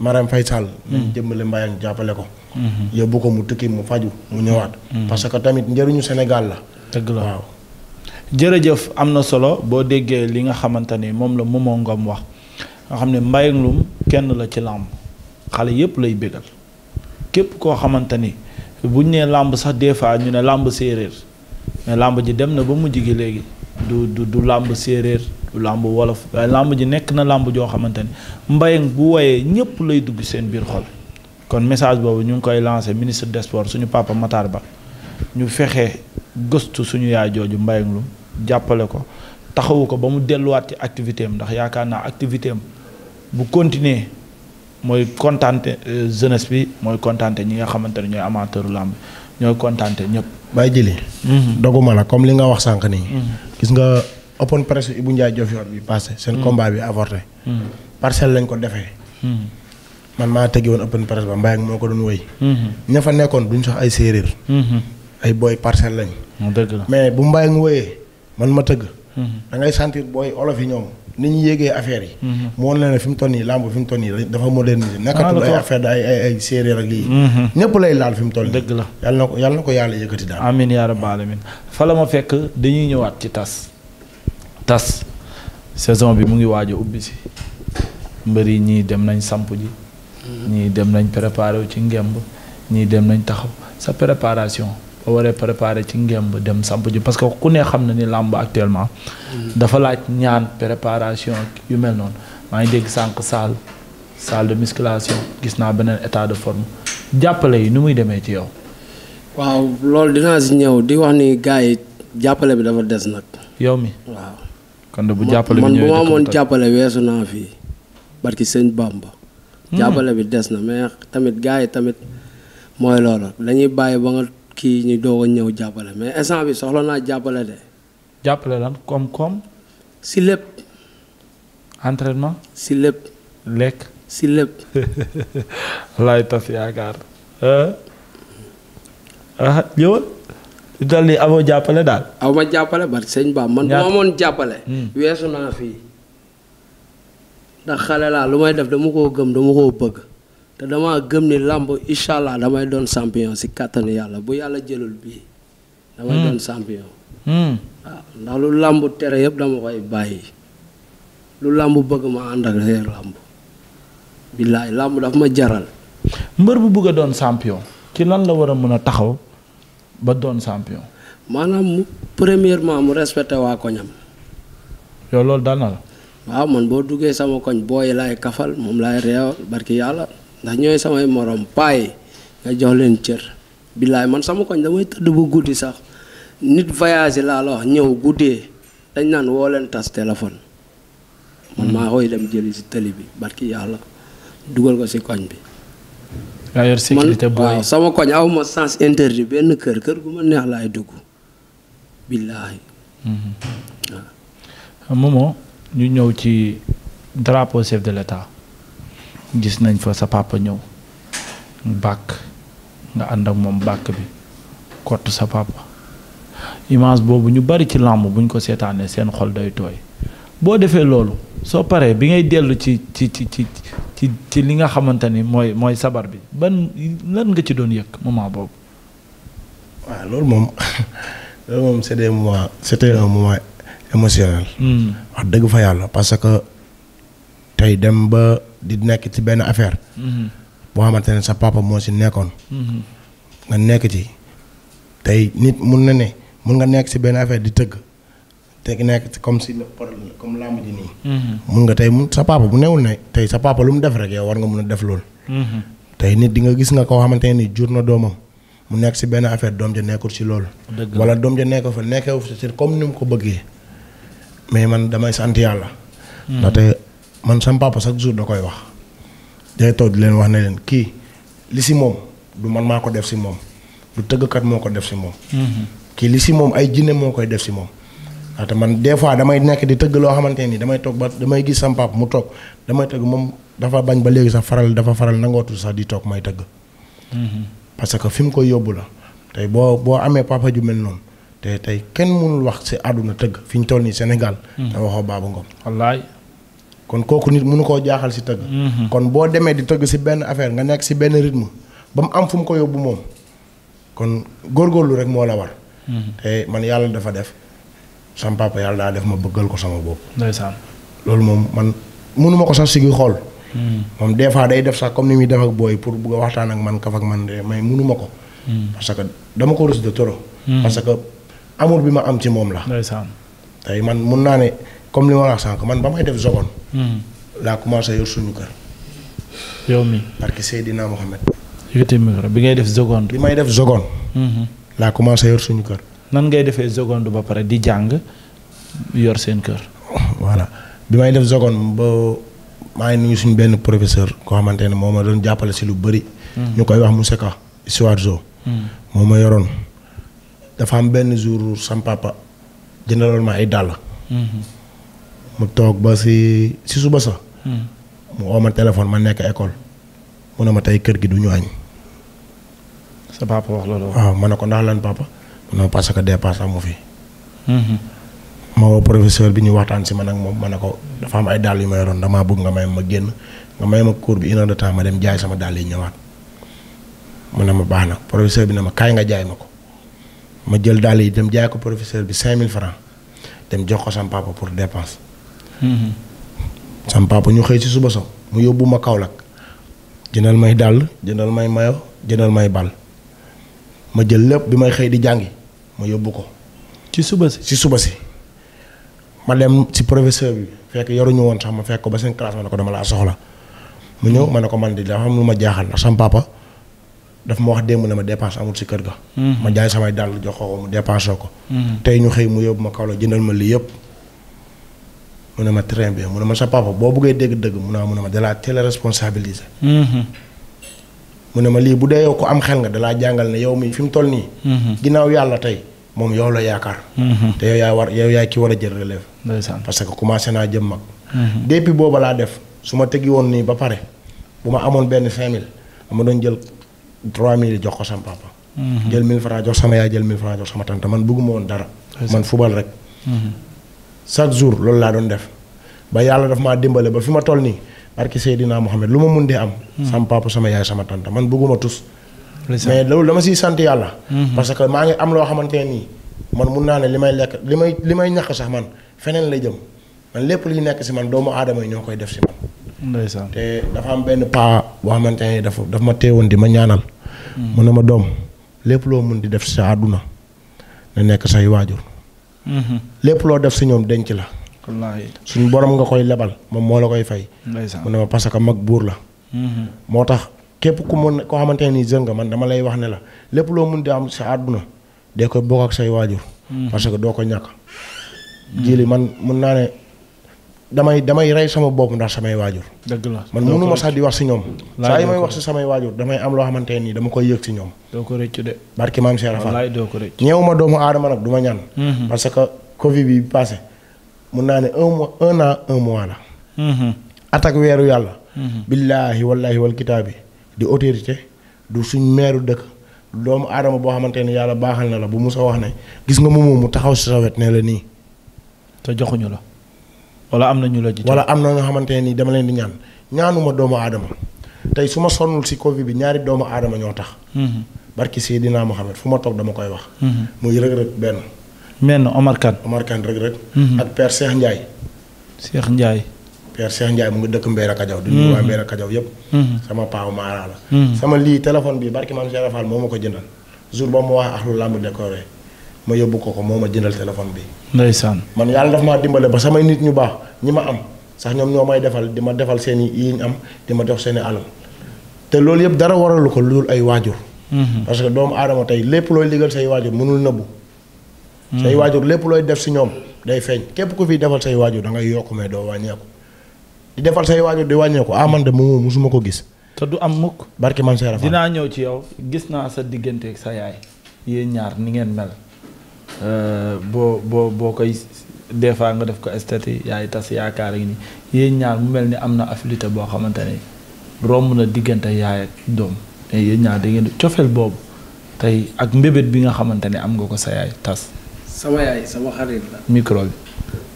Marème Faye Sall. nañ jëmbale mbayam jàppale ko. yóbbu ko mu tukki mu faju mu ñëwaat. parce que tamit njëriñu Sénégal la. dëgg la waaw. jërëjëf am na solo boo déggee li nga xamante ni moom la Momo Ngom wax nga xam ne Mbaye Ngom kenn la ci làmb xale yépp lay bégal képp koo xamante ni buñ nee làmb sax des fois ñu ne làmb séeréer làmb ji dem na ba mujj gi léegi du du du làmb séeréer làmb wolof waaye làmb ji nekk na làmb joo xamante ni Mbaye bu woyee ñépp lay dugg seen biir xol kon message boobu ñu ngi koy lancé ministre des sports suñu papa Matar Ba ñu fexe gostu suñu yaay jooju Mbaye Ngom jàppale ko taxawu ko ba mu delluwaat ci activité am ndax yaakaar naa activité bu continuer mooy contente euh, jeunesse bi mooy contente ñi nga xamante ne ñooy amateur làmb ñooy contente ñëpp. bàyyi jëli. Mhm. doguma la comme li nga wax sànq nii. Mhm. gis nga open press Ibou Ndiaye Diofior bi passé. seen mhm. combat bi avorté. parcelle lañ ko defee. man maa tegi woon open press ba Mbaye moo ko doon wéy. ña fa nekkoon duñ sax ay séeréer. ay booy parcelle lañ. dëgg la mais bu Mbaye ak man ma tëgg. Mhm. da ngay sentir booy olof yi ñoom ni ñu yéegee affaire yi. Mhm. mu ne fi mu toll nii làmb fi mu toll nii dafa modernisé. Ah, nekkatul ay affaire ay ay ay séeréer ak lii. Mhm. ñëpp lay laal fi mu toll nii. dëgg la yàlla ko yàlla ko yàlla yëkkati daal. amiin yaa rabbal aalamiin fa la ma fekk dañuy ñëwaat ci tas. tas saison bi mu ngi waaj a ubbi yi ñii dem nañ samp ji. Mm. ñii dem nañ préparé wu ci ngemb ñii dem nañ taxaw sa préparation. ba waree préparer ci ngemb dem samp ji parce que ku ne xam na ni làmb actuellement. dafa laaj ñaan préparation yu mel noonu maa ngi dégg sànq salle salle de musculation gis naa beneen état de forme jàppale yi nu muy demee ci yow. waaw loolu dinaa si ñëw di wax ni gars yi jàppale bi dafa des nag. yow mi waaw. kon bu jàppale bi ma amoon jàppale weesu naa fii barki sëñ Bamba. Hmm. jàppale bi des na mais tamit gars yi tamit mooy loolu dañuy bàyyi ba nga. kii ñu doog a ñëw jàppale mais instant bi soxla naa jàppale de. jàppale lan koom-koom. si lépp. entraînement. si lépp. lekk. si lépp. [LAUGHS] laay tas yaakaar. Euh? ah lu toll nii amoo jàppale daal. aw ma jàppale bari sëñ Ba man. ñaata amoon jàppale. Hmm. weesu naa fii. ndax xale laa lu may def dama koo gëm dama koo bëgg. te dama gëm ni làmb incha allah damay doon champion si kàttanu yàlla bu yàlla jëlul bii. damay hmm. doon champion. Hmm. ndax lu làmb tere yëpp dama koy bàyyi lu làmb bëgg ma ànd ak reer làmb billaay làmb daf ma jaral. mbër bu bëgg a doon champion. ci lan la war a mën a taxaw ba doon champion. maanaam mu premièrement mu respecté waa koñam. yow loolu daan na la. waaw man boo duggee sama koñ booy laay kafal moom laay reewal barki yàlla. ndax ñooy samay moroom paay nga jox leen cër billaay man sama koñ damay tëdd bu guddi sax nit voyage laa la wax ñëw guddee dañ naan woo leen tas téléphone man maa koy dem jëli si tëli bi barki yàlla dugal ko si koñ bi yaa sama koñ aw sens interdit benn kër kër gu ma neex laay dugg billaahi mhm. waaw ñu ñëw ci drapeau chef de l'État gis nañ fa sa papa ñëw bàkk nga ànd ak moom bàkk bi kott sa papa image boobu ñu bari ci làmb buñ ko seetaanee seen xol day tooy boo defee loolu soo paree bi ngay dellu ci ci ci ci ci ci li nga xamante ni mooy mooy sabar bi ban lan nga ci doon yëkk moment boobu. waaw loolu moom [LAUGHS] loolu moom c'est des moments c'était un moment émotionnel. Hmm. wax dëgg fa yàlla parce que. tey dem ba di nekk ci benn affaire. Mm-hmm. boo xamante ne sa papa moo si nekkoon. Mm-hmm. nga nekk ci tey nit mun na ne mun nga nekk si benn affaire di tëgg te nekk ci comme si la comme làmb ji nii. Mm-hmm. mun nga tey mun sa papa bu newul ne tey sa papa lu mu def rek yow war nga mun a def loolu. tey nit di nga gis nga koo xamante ne jur na doomam. mu nekk si benn affaire doom ja nekkul si loolu. wala doom ja nekkul fa nekkewu si comme ni mu ko bëggee. mais man damay sant yàlla. ndaxte man sama papa chaque jour da koy wax day toog di leen wax na leen kii li si moom du man maa ko def si moom du tëggkat moo ko def si moom. Mm-hmm. kii li si moom ay jinne moo koy def si moom. ndaxte man des fois damay nekk di tëgg loo xamante ne damay toog ba damay gis sama papa toog damay tëgg moom dafa bañ ba léegi sax faral dafa faral nangootul sax di toog may tëgg. Mm-hmm. parce que fi mu koy yóbbu la tey boo boo amee papa ju mel noonu te tey kenn mënul wax si àdduna tëgg fi ñu toll nii Sénégal. Mm-hmm. te waxoo Baba Ngom. wallaay kon kooku nit mënu koo jaaxal si tëgg. Mhm. kon boo demee di tëgg si benn affaire nga nekk si benn rythme ba mu am fu mu ko yóbbu moom kon góorgóorlu rek moo la war. Mhm. te man yàlla dafa def sama papa yàlla daa def ma bëggal ko sama bopp. ndeysaan loolu moom man mënu ko sax sigi xool. Mhm. moom des fois day def sax comme ni muy def ak booy pour bugg a waxtaan ak man kaf ak man de may mënu ma ko. parce que dama ko rus de trop. parce que amul bi ma am ci moom la. ndeysaan tey man mun naa ne. comme li ma wax sànq man ba may def zogon. Hmm. laa commencé yor suñu kër. yow mi parce que Seydina Mohamed. yëkkati micro bi ngay def zogon. bi may def zogon. Hmm. laa commencé yor suñu kër. nan ngay defee zogon ba pare di jàng yor seen kër. voilà bi may def zogon ba maa ngi nuyu suñu benn professeur koo xamante ne moo ma doon jàppale si lu bëri. Hmm. ñu koy wax Moussa Ka histoire zoo. moo ma yoroon dafa am benn jour sam papa ma ay dàll. mu toog ba si suba sax. Hmm. mu woo ma téléphone ma nekk école mu a ma tey kër gi du ñu añ. sa papa wax loolu. waaw ma a ko ndax lan a non parce que dépasse amu fi. Hmm. ma woo professeur bi ñu waxtaan si man ak moom ma ne ko dafa am ay dàll yu ma yoroon damaa bëgg nga may ma génn nga may ma cours bi une heure de temps ma dem jaay sama dàll yi ñëwaat. mu a ma baax na professeur bi ne ma kaay nga jaay ma ko ma jël dàll yi dem jaay ko professeur bi 5000 francs dem sam papa ñu xëy si suba sax mu yóbbu ma Kaolack jëndal may dàll jëndal may mayo jëndal may bal ma jël lépp bi may xëy di jàngi ma yóbbu ko. ci suba si suba si. ma dem si professeur bi fekk yoruñu woon sax ma fekk ko ba seen classe ma ne ko dama laa soxla mu ñëw ma ne ko man di dafa ma jaaxal ndax sam papa daf ma wax ma dépense si kër ga. Mm-hmm. ma jaay samay dàll jox mu dépensé ko. Mm-hmm. tey ñu xëy mu yóbbu ma Kaolack jëndal ma lii yëpp. mu ne ma très bien mu ne ma sa papa boo bëggee dégg dëgg mu ne ma mu ne ma dalaa teel a responsabiliser. Mm-hmm. mu ne ma lii bu dee yow ko am xel nga dalaa jàngal ne yow mi fi mu toll nii. Mm-hmm. ginnaaw yàlla tey moom yow la yaakaar. Mm-hmm. te yow yaa war yow yaa a jël relève. parce que commencé naa jëm mag. depuis booba laa def su ma tegi woon nii man dara. man fubal rek. chaque jour loolu laa doon def ba yàlla daf maa dimbale ba fi ma toll nii barki Seydina Mohamed lu ma mun di am. Hmm. sama papa sama yaay sama tante man bëgguma tus. mais loolu dama siy sant yàlla. Hmm. parce que maa ngi am loo xamante ne nii man mun naa ne li may lekk li may li may ñàkk sax man feneen la jëm man lépp li nekk si man doomu aadama ñoo koy def si man. ndeysaan te dafa am benn paa boo xamante ne dafa daf ma teewoon di ma ñaanal. Hmm. mu ne ma doom lépp loo mun di def sa àdduna na nekk sax say waajur. Mhm. lépp loo def si ñoom denc la. wallaahi suñu borom nga koy lebal moom moo la koy fay. mu ne ma parce que mag buur la. Mhm. moo tax képp ku mën koo xamante ne nii jeune nga man dama lay wax ne la lépp loo mun di am sa àdduna dee koy bokk ak say waajur. Mhm. parce que doo ko ñàkk. jili man mën naa ne. damay damay rey sama bopp ndax samay waajur. dëgg la man mënu ma sax di wax si ñoom. saa yi may wax si samay waajur damay am loo xamante nii dama koy yëg si ñoom. doo ko rëccu de. barki maam Cheikh Rafa wallaay doo ko ma doomu aadama nag du ma ñaan. Mhm. parce que Covid bi passé mun naa ne un mois un an un mois la. Mhm. attaque weeru yàlla. Mhm. billaahi wallaahi wal kitaabi di autorité du suñ meeru dëkk doomu aadama boo xamante ni yàlla baaxal na la bu musa wax ne gis nga moom mu taxaw si sa wet ne la nii. te joxuñu la. wala am na ñu la ji. wala am na ñoo xamante ne dama leen di ñaan ñaanuma doomu aadama tey su ma sonnul si Covid bi ñaari doomu aadama ñoo tax. Mhm. barki Seydina Mohamed fu ma toog dama koy wax. Mhm. muy rëg-rëg benn. menn Omar Kane. Omar Kane rëg-rëg. Mhm. ak père Cheikh Ndiaye. Cheikh Ndiaye. père Cheikh Ndiaye mu ngi dëkk Mbéra Kajaw. di nuyu waa Mbéra Kajaw yëpp. sama paaw Maara sama lii téléphone bi barki maam Cheikh Fall ma ko jëndal jour ba mu wax ak làmb décoré. ma yóbbu ko ko moo ma jëndal téléphone bi. ndeysaan man yàlla daf maa dimbale ba samay nit ñu baax ñi ma am sax ñoom ñoo may defal di ma defal seen yi ñu am di ma jox seen i alal te loolu yëpp dara waralu ko lu dul ay waajur. Mhm. parce que doomu aadama tey lépp looy liggéeyal say waajur mënul nëbbu. say mhm. waajur lépp looy def si ñoom day feeñ képp ku fi defal say waajur da ngay yokk mais doo wàññeeku. di defal say waajur di wàññeeku ah man de moom musuma ko gis. te du am mukk. barke man dinaa ñëw ci yow gis naa sa digganteeg sa yaay yéen ñaar ni ngeen Euh, boo boo boo koy des fois nga def ko estati yaay tas yaakaar ak ni yéen ñaar mu mel ni am na affinité boo xamante ne romb na diggante yaay ak doom te yéen ñaar da ngeen cofeel boobu tey ak mbébét bi nga xamante ne am nga ko sa yaay tas. sama yaay sama xarit la. micro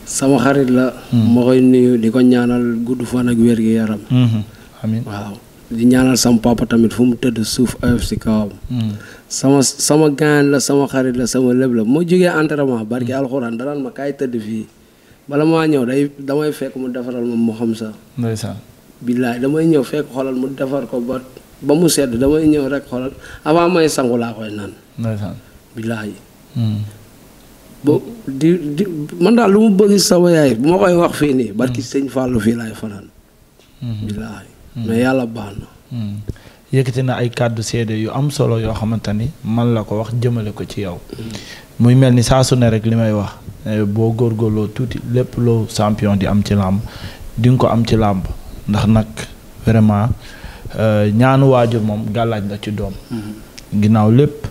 sama xarit la. Hmm. ma koy nuyu di ko ñaanal gudd fan ak wér gi yaram. Hmm. amiin di ñaanal sama papa tamit fu mu tëdd suuf ayof si kawam. Hmm. sama sama gaan la sama xarit la sama lépp la ma jógee entraînement barki hmm. alxuraan danaan ma kaay tëdd fii bala maa ñëw day damay fekk mu defaral ma mu xam sax. ndeysaan. billaay damay ñëw fekk xoolal mu defar ko ba ba mu sedd damay ñëw rek xoolal avant may sangu laa koy naan. ndeysaan. billaay. Hmm. bo di di man daal lu mu bëgg sama yaay bu ma koy wax fii nii. barki sëñ Fallou fii laay fanaan. billaay. Hmm. yàlla baax na. Hmm. yëkkati na ay kàddu seede yu am solo yoo xamante ni man la ko wax jëmale ko ci yow. Hmm. muy mel ni saa su ne rek li may wax eh, boo góor góorgóorloo tuuti lépp loo champion di am ci làmb di nga ko am ci làmb ndax nag vraiment eh, ñaanu waajur moom gàllaaj la ci doom. ginnaaw lépp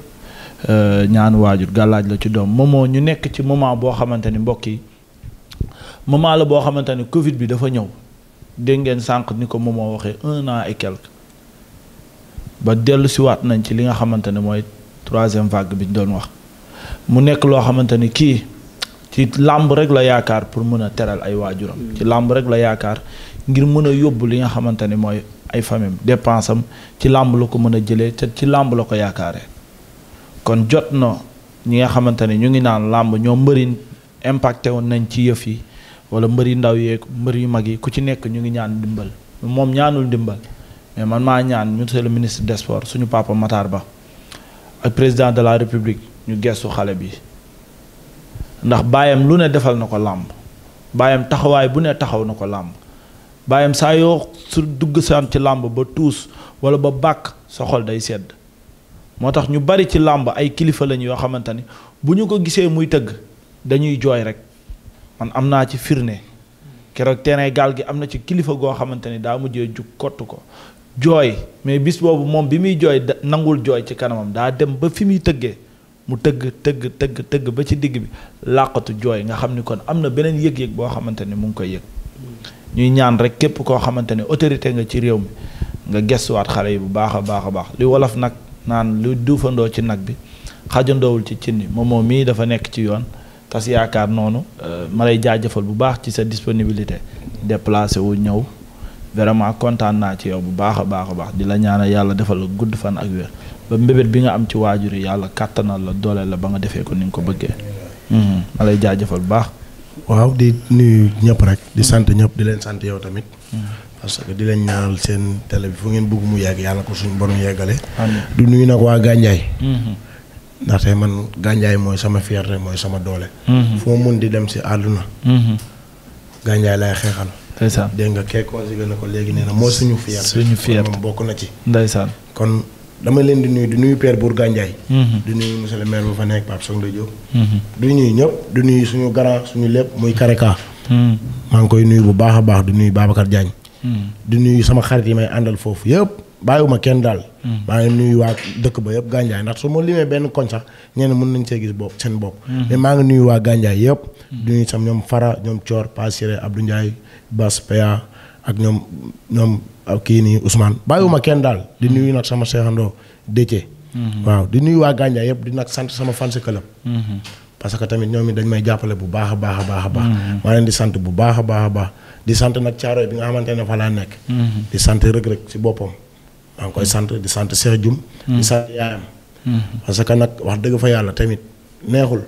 eh, ñaanu waajur gàllaaj la ci doom moomoo ñu nekk ci moment boo xamante ni mbokk yi moment la boo xamante ni Covid bi dafa ñëw. dégg ngeen sànq ni ko moom moo waxee un an ay quelque ba dellu siwaat nañ ci li nga xamante ne mooy troisième vague bi ñu doon wax mu nekk loo xamante ni kii ci làmb rek la yaakaar pour mën a teral ay waajuram mm. ci làmb rek la yaakaar ngir mën a yóbbu li nga xamante ne mooy ay famille dépense am ci làmb la ko mën a jëlee te ci làmb la ko yaakaaree kon jot na ñi nga xamante ne ñu ngi naan làmb ñoo mbërin impacté woon nañ ci yëf yi wala mbër yu ndaw yeeg mbër yu mag yi ku ci nekk ñu ngi ñaan dimbal moom ñaanul dimbal mais man maa ñaan monsieur le ministre des suñu papa Matar Ba ak président de la république ñu gestu xale bi ndax baayam lu ne defal na ko làmb baayam taxawaay bu ne taxaw na ko làmb baayam saa yoo su dugg sam ci làmb ba tuus wala ba bàkk sa xol day sedd moo tax ñu bari ci làmb ay kilifa lañu yoo xamante ni bu ñu ko gisee muy tëgg dañuy jooy rek man am naa ci firne keroog terrain gaal gi am na ci kilifa goo xamante ni daa mujjee jug kott ko jooy mais bis boobu moom bi muy jooy nangul jooy ci kanamam daa dem ba fi muy tëggee mu tëgg tëgg tëgg tëgg ba ci digg bi làqatu jooy nga xam ni kon am na beneen yëg-yëg boo xamante ni mu ngi koy yëg ñuy ñaan rek képp koo xamante ne autorité nga ci réew mi nga gestuwaat xale yi bu baax a baax a baax li wolof nag naan lu duufandoo ci nag bi xajandoowul ci cin bi moom moom mii dafa nekk ci yoon tas yaakaar noonu euh, ma lay jaajëfal bu baax ci sa disponibilité déplacé wu ñëw vraiment kontaan naa ci yow bu baax a baax a baax di la ñaanal yàlla defal la gudd fan ak wér ba mbébét bi nga am ci waajur yi yàlla kàttanal la dooleel la ba nga defee ko ni nga ko bëggee hmm, ma lay jaajëfal bu baax. waaw di nuyu ñëpp rek. di hmm. sant ñëpp di leen sant yow tamit. Hmm. parce que di leen ñaanal seen tele bi fu ngeen bëgg mu yàgg yàlla ko suñu borom yeggale. du nuyu nag waa Gandiaye. ndaxte man gànjaay mooy sama fierté mooy sama doole. Mhm. fu ma mun di dem si àdduna. Mhm. gànjaay lay xeexal. ndeysaan dégg nga kee consigé a ko léegi nee na moo suñu fierté. suñu fierté moom bokk na ci. ndeysaan kon dama leen di nuyu di nuyu Père Bour Gànjaay. Mhm. di nuyu monsieur le maire bu fa nekk Pape Soxna Diop. du nuyu ñëpp du nuyu suñu grand suñu lépp muy Kareka. maa ngi koy nuyu bu baax a baax di nuyu Babacar Diagne. di nuyu sama xarit yi may àndal foofu yëpp. bàyyiwuma kenn daal. Hmm. maa ngi nuyu waa dëkk ba yëpp gànjaay ndax su ma limee benn koñ sax ñenn mën nañ see gis bopp seen bopp. Hmm. ma maa ngi nuyu waa gànjaay yëpp. Hmm. du ñuy ñoom Fara ñoom Coor Passiré Abdou Ndiaye Bass Paya ak ñoom ñoom kii nii Ousmane bàyyiwuma kenn daal di nuyu nag sama seexandoo Déthié. waaw di nuyu waa gànjaay yëpp di nag sant sama fans club. parce que tamit ñoom it dañ may jàppale bu baax a baax a baax a baax. maa leen di sant bu baax a baax a baax di sant nag caaro bi nga xamante ne fa laa nekk. di sant rëg-rëg si boppam. maa ngi koy sant di sant Cheikh Dioum. di sant yaayam. parce que nag wax dëgg fa yàlla tamit neexul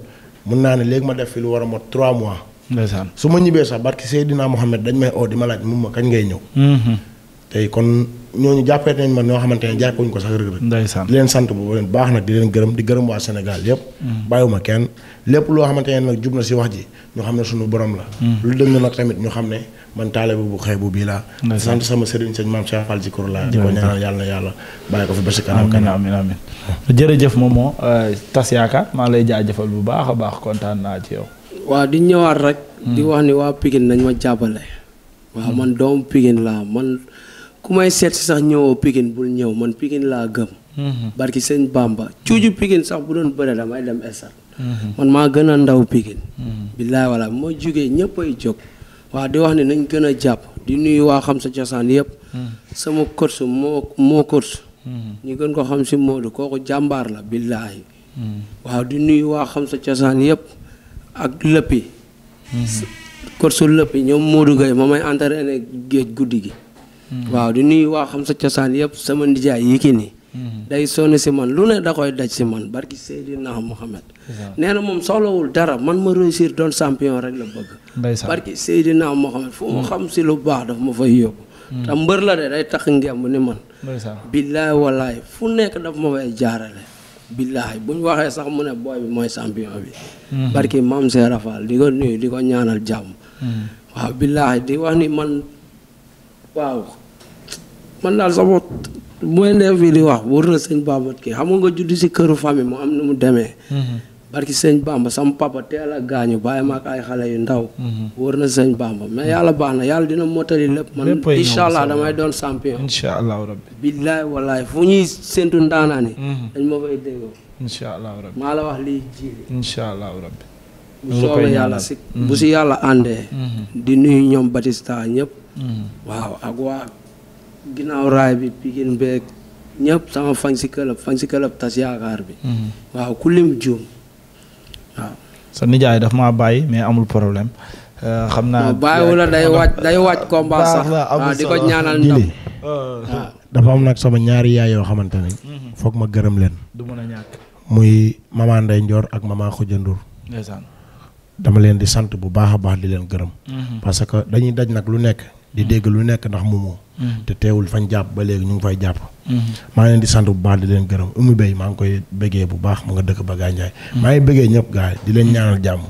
mun naa ne léegi ma def fi lu war a mot trois mois. ndeysaan su ma ñibbee sax barki Seydina Mohamed dañ may oo di ma laaj mun ma kañ ngay ñëw. Mhm. tey kon ñooñu jàppee nañ ma ñoo xamante ne jàppewuñ ko sax rëg-rëg di leen sant bu baax nag di leen gërëm di gërëm waa Sénégal yëpp mm. bàyyiwuma kenn lépp loo xamante ne nag jub na si wax ji ñu xam ne suñu borom la mm. lu dëng nag tamit ñu xam ne man taalibe bu xëy bu bii laa sant sama sëriñ sëñ maam Cheikh Fall Zikru laa di a ñaanal yàlla na yàlla bàyyi ko fi ba si kanam kanam euh, tas yaakaar maa lay jaajëfal bu baax a baax kontaan naa ci yow waaw di ñëwaat rek di mm. wax ni waa Pikine nañ ma jàppale waaw man doomu Pikine ku may seet si sax ñëwoo Pikine bul ñëw man Pikine laa gëm. Mhm. barki sëñ ba cuuju Pikine sax bu doon bëre damay dem esat mhm. man maa gën a ndaw Pikine. Mhm. billaay wala moo jugee ñëpp jóg. waa di wax ne nañ gën a jàpp di nuyu waa xam sa cosaan yëpp. sama coach moo moo ñu gën ko xam si Modou kooku jàmbaar la billaay. waaw di nuyu waa xam sa cosaan yëpp ak lëppi. coach lëppi ñëw Modou Gueye ma may entraîné géej guddi gi. Mm-hmm. waaw di nuyu waa xam sa cosaan yëpp sama nijaay yi ki nii. Mm-hmm. day sonn si man lu ne da koy daj si man barki Seydina Mohamed. nee na moom soxlawul dara man ma réussir doon champion rek la bëgg. ndeysaan barki Seydina Mohamed fu mu mm-hmm. xam si lu baax daf ma fay yóbbu. te mbër la de day tax ngemb ni man. ndeysaan billaay walaay fu nekk daf ma fay jaarale. billaay bu ñu waxee sax mu ne booy bi mooy champion bi. barki maam see rafal di ko nuyu di ko ñaanal jàmm. waaw billaay di wax ni man waaw man daal sama mooy neef bi di wax wër na nga judd si këru famille mu am nu mu demee. Mhm. barki sëñ Bamba sama papa teel a gaañu bàyyi ma ak ay xale yu ndaw. Mhm. wër na sëñ Bamba mais yàlla baax na yàlla dina motali lépp. man incha allah damay doon champion. incha allah rabbi. billaay walaay fu ñuy séntu ndaanaani. Mhm. dañ ma fay déggoo. incha allah rabbi maa la wax lii ji. incha allah rabbi. bu soobee yàlla si yàlla àndee. di nuyu ñoom Batista ñëpp. waaw ak waa. ginnaaw raay bi Pikine beeg ñëpp sama fan si këlëb fan si këlëb tas yaakaar bi. Mhm. waaw ku lim juum waaw. sa nijaay daf ma bàyyi mais amul problème. Euh, xam naa bàyyi wala day wàcc day wàcc sax waaw di ko ñaanal ndam euh, dafa am nag sama ñaari yaay yoo xamante ne. Mhm. foog ma gërëm leen. du mën a ñàkk muy maman Ndeye Ndior ak maman Khoudia dama leen di sant bu baax a baax di leen gërëm. Mhm. parce que dañuy daj nag lu nekk. di dégg lu nekk ndax moomoo. Mm-hmm. te teewul fañ jàpp ba léegi ñu ngi fay jàpp. Mm-hmm. maa ngi leen di sant bu baax di leen gërëm umu béy maa ngi koy bëggee bu baax mu nga dëkk ba Gandiaye. Mm-hmm. maa ngi bëggee ñëpp gaay di leen ñaanal jàmm.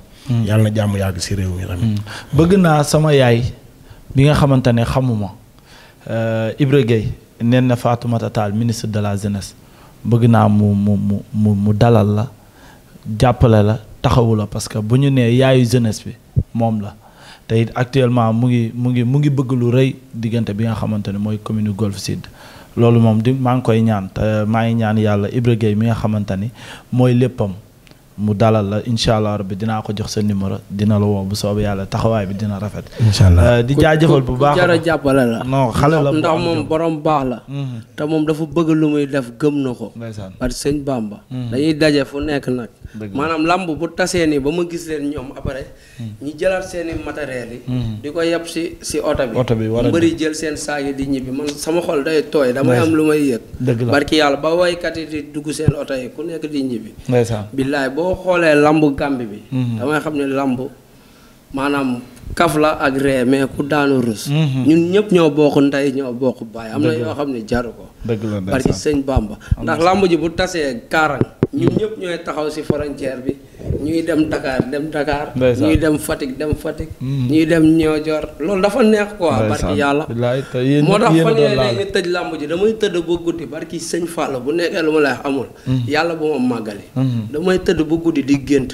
yàlla na jàmm yàgg si réew mi tamit. bëgg naa sama yaay bi nga xamante ne xamuma euh, Ibra Gueye neen na Fatoumata Tall ministre de la jeunesse bëgg naa mu mu mu dalal la jàppale la taxawu la parce que bu ñu nee yaayu jeunesse bi moom la. tey actuellement mu ngi mu ngi mu ngi bëgg lu rëy diggante bi nga xamante ne mooy commune Golf Sud loolu moom di maa ngi koy ñaan te maa ngi ñaan yàlla Ibra Gueye mi nga xamante ni mooy léppam mu dalal la incha allah rabbi dinaa ko jox sa numéro dina la woo bu soobee yàlla taxawaay bi dina rafet. incha allah euh, di jaajafal bu baax jara jàppale la. non la ndax moom borom baax la. Mm-hmm. te moom dafa bëgg lu muy def gëm na ko. ndeysaan parce que sëñ Bamba. Mm-hmm. dañuy daje fu nekk nag. maanaam làmb bu tasee nii ba ma gis leen ñoom après. Mm-hmm. ñi jëlaat seen i matériel yi. di ko yeb si si oto bi. oto bi war bëri jël seen saa di ñibbi man sama xol day tooy damay am lu may yëg. dëgg la yàlla ba waykat yi di dugg seen oto yi ku boo xoolee lamb Gàmbi bi mhm. damay xam ne lamb maanaam kaf la ak ree mais ku daanu rus mhm. ñun ñëpp ñoo bokk ndey ñoo bokk baay am na yoo xam ne jaru ko parce que sëñ Bamba ndax lamb ji bu tasee kaarang ñun ñëpp ñooy taxaw si frontière bi ñuy dem Dakar dem Dakar. ñuy dem Fatick dem Fatick. Mm. ñuy dem Niodior loolu dafa neex quoi. barki yàlla moo tax fan yooyu ne ñu tëj làmb ji damay tëdd ba guddi barki sëñ Fall bu nekkee lu ma lay amul. Mm. yàlla bu ma màggali. Mm. damay tëdd ba guddi di gént.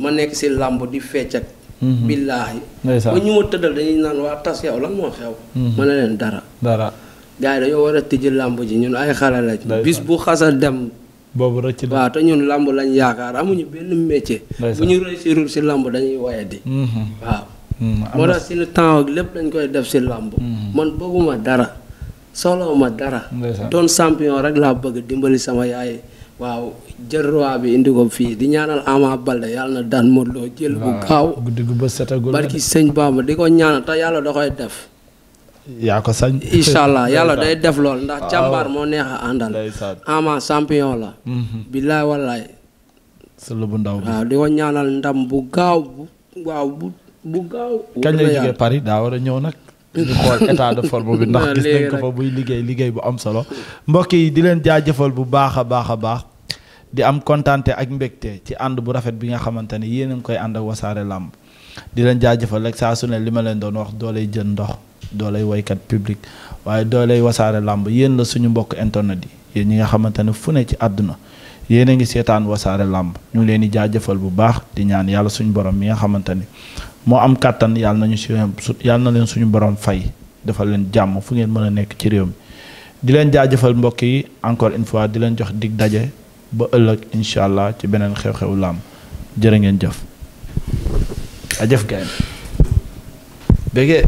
ma nekk si làmb di feccat. billaahi. ba ñu ma tëddal dañuy naan waa tas yow lan moo xew. ma ne leen dara. dara gars yi dañoo war a tijji làmb ji ñun ay xale lañ. bis bu xasa dem. boobu rëcc na waaw te ñun làmb lañ yaakaar amuñu benn métier. bu ñu réussirul si làmb dañuy wayadi. Mhm. waaw. Mhm. moo tax si temps ak lépp lañ koy def si làmb. Mhm. man bëgguma dara soxlawuma dara. doon champion rek laa bëgg dimbali sama yaay. waaw jël roi bi indi ko fii di ñaanal Ama Baldé yàlla na daan Modou Lo jël bu gaaw. guddi gu bës setagul barki di ko ñaanal te yàlla da koy def. yaa ko sañ. incha allah yàlla day def lool ndax càmbaar ah, moo neex a àndal. ama champion la. Mhm. billaay wallaay. sëñ bu ndaw bi di ko ndam bu gaaw bu waaw daa war a ñëw nag. ñu xool état de forme bi [LAUGHS] ndax gis nañ ko fa buy liggéey liggéey bu am solo mbokk yi di leen jaajëfal bu baax a baax a baax di am kontante ak mbégte ci ànd bu rafet bi nga xamante ne yéen a ngi koy ànd ak wasaare làmb di leen jaajëfal rek saa su ne li ma leen doon wax dooley jën ndox doolay woykat public waaye doolay wasaare làmb yéen la suñu mbokk internet yi yéen ñi nga xamante ne fu ne ci àdduna yéen a ngi seetaan wasaare làmb ñu ngi leen di jaajëfal bu baax di ñaan yàlla suñu borom mi nga xamante ni moo am kàttan yàlla nañu si yàlla na leen suñu borom fay defal leen jàmm fu ngeen mën a nekk ci réew mi di leen jaajëfal mbokk yi encore une fois di leen jox dig daje ba ëllëg incha allah ci beneen xew-xewu làmb jërë ngeen jëf. a jëf gaay